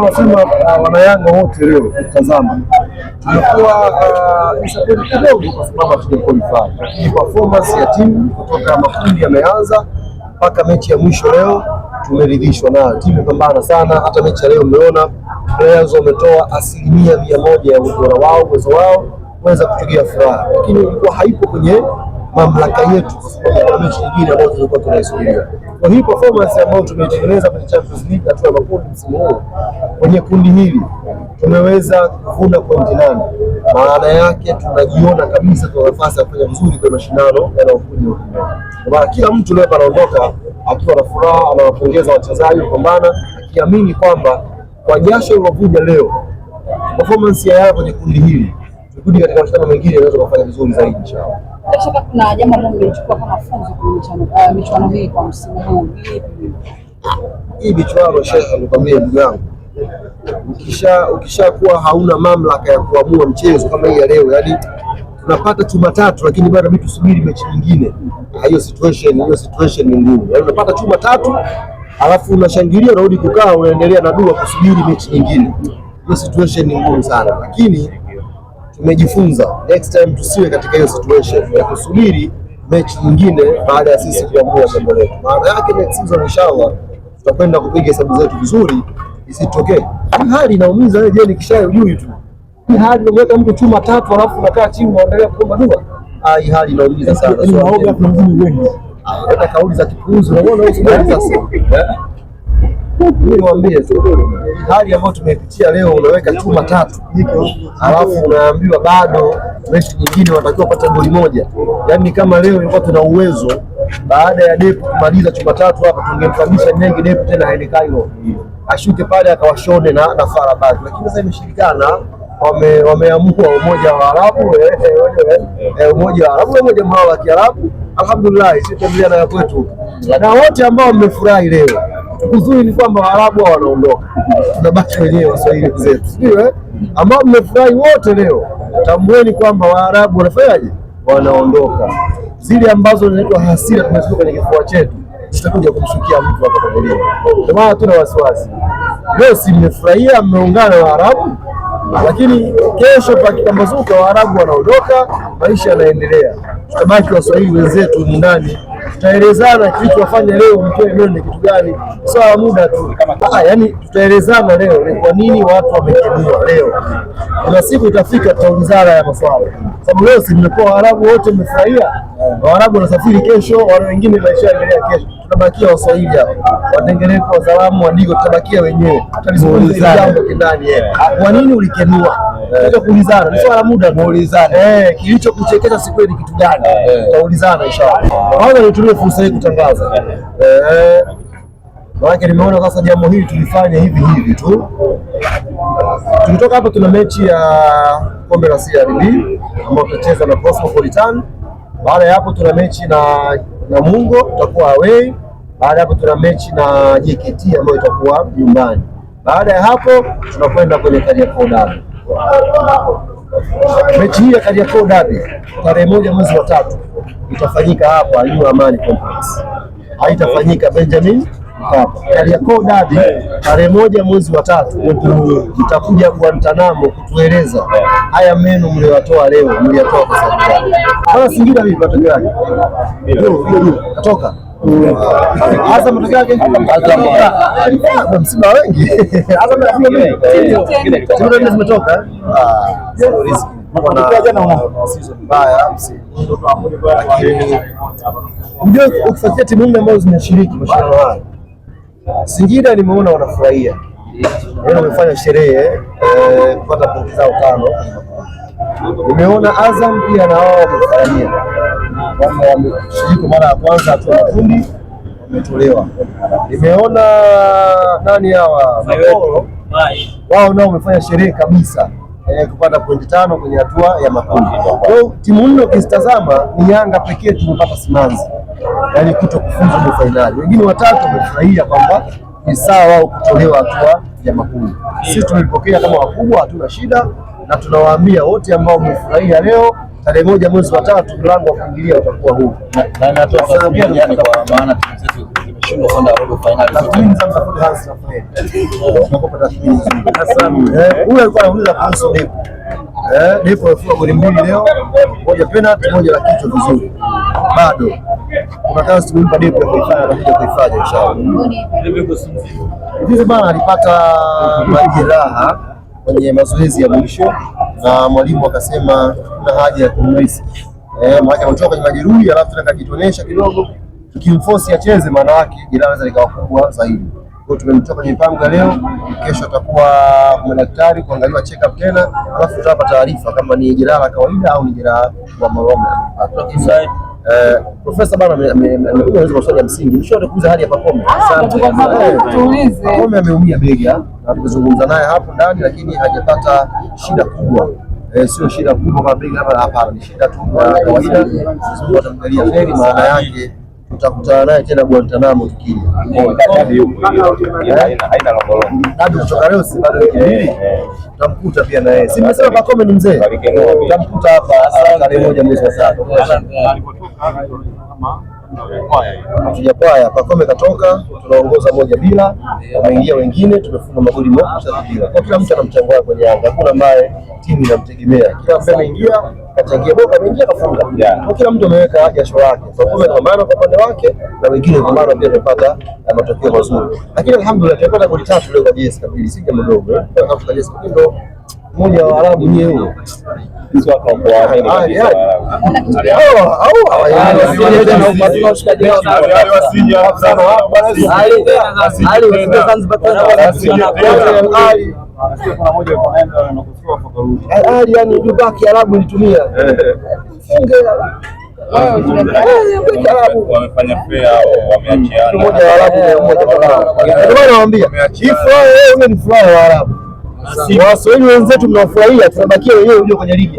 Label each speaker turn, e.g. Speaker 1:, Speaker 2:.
Speaker 1: wanasema ah, wanayanga wote leo tazama, tumekuwa disappointed ah, kidogo kwa sababu hatujakwalify, lakini performance ya timu kutoka makundi yameanza mpaka mechi ya mwisho leo tumeridhishwa nayo. Timu pambana sana, hata mechi ya leo mmeona players wametoa asilimia mia moja ya ubora wao, uwezo wao kuweza kutugia furaha, lakini ilikuwa haipo kwenye mamlaka yetu, kwa sababu kuna mechi nyingine ambayo tulikuwa tunaisubiria. Kwa hii performance ambayo tumeitengeneza kwenye Champions League hatua ya makundi msimu huu, kwenye kundi hili tumeweza kuvuna pointi nane. Maana yake tunajiona kabisa tuna nafasi ya kufanya vizuri kwenye mashindano yanayokuja. Kwa maana kila mtu leo anaondoka akiwa na furaha, anawapongeza wachezaji kupambana, akiamini kwamba kwa jasho lilovuja leo, performance ya Yanga kwenye kundi hili, tukirudi katika mashindano mengine inaweza kufanya vizuri zaidi inshallah.
Speaker 2: Bila shaka kuna jambo ambalo mmechukua kama funzo kwenye eh, michuano hii kwa msimu huu.
Speaker 1: Hii michuano nikwambie ndugu yangu, ukisha ukishakuwa hauna mamlaka ya kuamua mchezo kama hii ya leo, yani tunapata chuma tatu, lakini bado inabidi tusubiri mechi nyingine. Ah, hiyo situation hiyo situation ni ngumu, yani unapata chuma tatu alafu unashangilia, unarudi kukaa, unaendelea na dua kusubiri mechi nyingine. Hiyo situation ni ngumu sana, lakini tumejifunza, next time tusiwe katika hiyo situation ya kusubiri mechi nyingine baada ya sisi kuamua jambo letu. Maana yake next season inshallah tutakwenda kupiga hesabu zetu vizuri, isitokee hii hali inaumiza wewe. Je, ni nikishayo juu tu hii hali unamweka mtu chuma tatu, alafu unakaa chini unaendelea kuomba dua. Ah, hii hali inaumiza sana, hata kauli za kipuuzi unaona sasa niwaambie hali ambayo tumepitia leo, unaweka chuma tatu alafu unaambiwa bado mechi nyingine wanatakiwa pata goli moja. Yaani kama leo ilikuwa tuna uwezo baada ya Depu kumaliza chuma tatu hapa, tungemkabisha nyingi Depu tena Haile Cairo ashuke pale akawashone na na fara lakini sasa imeshindikana. Wameamua umoja wa Arabu, eh, eh, eh, umoja wa Arabu, umoja wa Kiarabu. Alhamdulillah, sisi tuendelea na kwetu na wote ambao mmefurahi leo uzuri ni kwamba Waarabu wanaondoka, tunabaki wenyewe Waswahili wenzetu, sio eh, ambao mmefurahi wote leo. Tambueni kwamba Waarabu wanafanyaje, wanaondoka. Zile ambazo zinaitwa hasira tumeziweka kwenye kifua chetu zitakuja kumshukia mtu hapa kwenye Ndio maana tuna wasiwasi leo, si mmefurahia, mmeungana na Waarabu, lakini kesho pakipambazuka Waarabu wanaondoka, maisha yanaendelea, tutabaki Waswahili wenzetu ndani tutaelezana kitu wafanye leo, mtoe neno ni kitu gani? Sawa, muda tu, ah, yani tutaelezana leo ni kwa nini watu wamekimbia leo. Kuna siku itafika tutaulizana ya maswala, sababu leo si mmekuwa Waarabu wote mmefurahia, Waarabu wanasafiri kesho, wana wengine maisha yanaendelea kesho, tutabakia Waswahili hapa, Watengereko, Wazalamu, Wadigo, tabakia wenyewe, tutalizungumza jambo kindani. Eh. Ah, kwa nini ulikemua? kuja eh. kuulizana, ni swala la muda kuulizana. Eh, kilicho kuchekesha siku ni kitu gani? Eh. Tutaulizana inshallah. Kwanza nitumie fursa hii kutangaza eh, eh maana nimeona sasa jambo hili tulifanya hivi hivi tu. Tulitoka hapa, tuna mechi ya kombe la CRB ambayo tutacheza na Cosmopolitan. Baada ya hapo, tuna mechi na na Mungo, tutakuwa away. Baada ya hapo, tuna mechi na JKT ambayo itakuwa nyumbani. Baada ya hapo, tunakwenda kwenye Kariakoo Derby. Mechi hii ya Kariakoo Derby tarehe moja mwezi wa tatu itafanyika hapa New Amani Complex, haitafanyika Benjamin Mkapa. Kariakoo Derby tarehe moja mwezi wa tatu mtakuja Guantanamo kutueleza haya meno mliyotoa leo mliyotoa kwa sababu gani? Singida vipi matokeo yake? Katoka Azam matokeo yake msiba wengi. Azam ndio zimetoka eh? ah, ndio ukifuatilia timu nne ambazo zinashiriki mashindano haya, Singida nimeona wanafurahia, yaani wamefanya sherehe eh, kupata pointi zao tano. Nimeona Azam pia na wao wamefurahia wameshiriki mara ya kwanza hatua ya makundi wametolewa. Nimeona nani hawa wao nao wamefanya sherehe kabisa eh, kupata pointi tano kwenye hatua ya makundi. Kwa hiyo timu nne ukizitazama ni Yanga pekee tumepata simanzi, yaani kuto kufuzu robo fainali. Wengine watatu wamefurahia kwamba ni sawa wao kutolewa hatua ya makundi. Sisi tulipokea kama wakubwa, hatuna shida, na tunawaambia wote ambao wamefurahia leo tarehe moja mwezi wa tatu mlango wa kuingilia utakuwa huu,
Speaker 3: eh, huyu
Speaker 1: alikuwa anauliza kuhusu Depo alifunga eh, goli mbili leo, moja moja la kichwa vizuri. Bado kuna kazi tumempa Depo ya kuifanya, kuifanya inshallah. Bana alipata majeraha kwenye mazoezi ya mwisho, na mwalimu akasema kuna haja ya kumrisi eh, maana ametoka kwenye majeruhi, alafu tunataka kitonesha kidogo, tukimforce acheze, maana yake jeraha linaweza likawa kubwa zaidi. Kwa hiyo tumemtoa kwenye mipango ya leo, kesho atakuwa kwa daktari kuangaliwa check up tena, alafu tutapata taarifa kama ni jeraha la kawaida au ni jeraha la maroma. Eh, profesa bana ameulizwa swali la msingi, hali ya Pacome ah, eh, ameumia bega Tumezungumza naye hapo ndani, lakini hajapata shida kubwa. E, sio shida kubwa kama vile hapa hapa, ni shida tu ya kawaida. Tutamgalia feri, maana yake tutakutana naye tena Guantanamo tukija. Kutoka leo si bado wiki mbili tutamkuta pia na yeye, si mmesema Pakome ni mzee, tutamkuta hapa tarehe moja mwezi wa saba. Tuja pakome katoka, tunaongoza moja bila, wameingia wengine, tumefunga magoli bila. Kwa kila mtu ana mchango wake kwenye Yanga, hakuna ambaye timu inamtegemea. Kila mtu ameingia kachangia, boka ameingia kafunga, kwa kila mtu ameweka jasho lake. Pacome kapambana kwa upande wake na wengine kupambana, pia tumepata eh, matokeo mazuri, lakini alhamdulillah tumepata goli tatu leo kwa JS Kabylie, si jambo dogo, ndio mmoja wa arabu ni huyo. Ali yani Dubai Kiarabu nitumia mmoja wa Waarabu, mmoja kwa
Speaker 3: mmoja,
Speaker 1: ndio maana nawaambia, ni wa Waarabu Waswahili wenzetu mnafurahia, tunabakia wenyewe kwenye ligi.